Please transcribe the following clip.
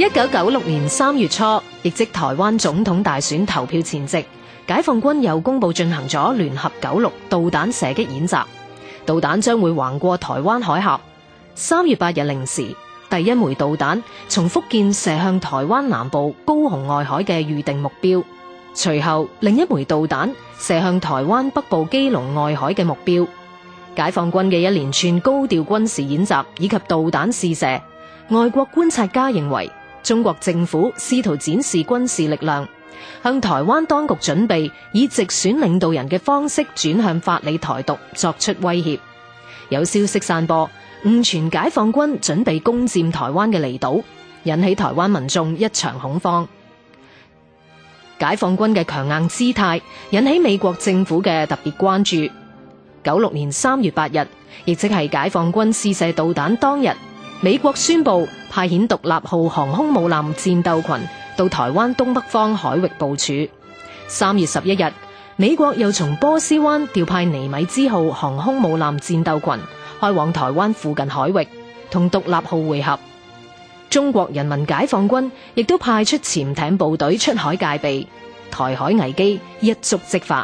一九九六年三月初，亦即台灣總統大選投票前夕，解放軍又公布進行咗聯合九六導彈射擊演習，導彈將會橫過台灣海峽。三月八日零時，第一枚導彈從福建射向台灣南部高雄外海嘅預定目標，隨後另一枚導彈射向台灣北部基隆外海嘅目標。解放軍嘅一連串高調軍事演習以及導彈試射，外國觀察家認為，中國政府試圖展示軍事力量，向台灣當局準備以直選領導人嘅方式轉向法理台獨作出威脅。有消息散播，誤傳解放軍準備攻占台灣嘅離島，引起台灣民眾一場恐慌。解放軍嘅強硬姿態引起美國政府嘅特別關注。九六年三月八日，亦即係解放軍試射導彈當日。美國宣布派遣獨立號航空母艦戰鬥群到台灣東北方海域部署。三月十一日，美國又從波斯灣調派尼米茲號航空母艦戰鬥群開往台灣附近海域，同獨立號會合。中國人民解放軍亦都派出潛艇部隊出海戒備，台海危機一觸即發。